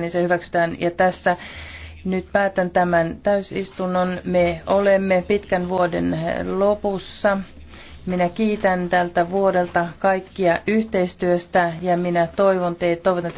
niin se hyväksytään. Ja tässä nyt päätän tämän täysistunnon. Me olemme pitkän vuoden lopussa. Minä kiitän tältä vuodelta kaikkia yhteistyöstä ja minä toivon teitä, toivotan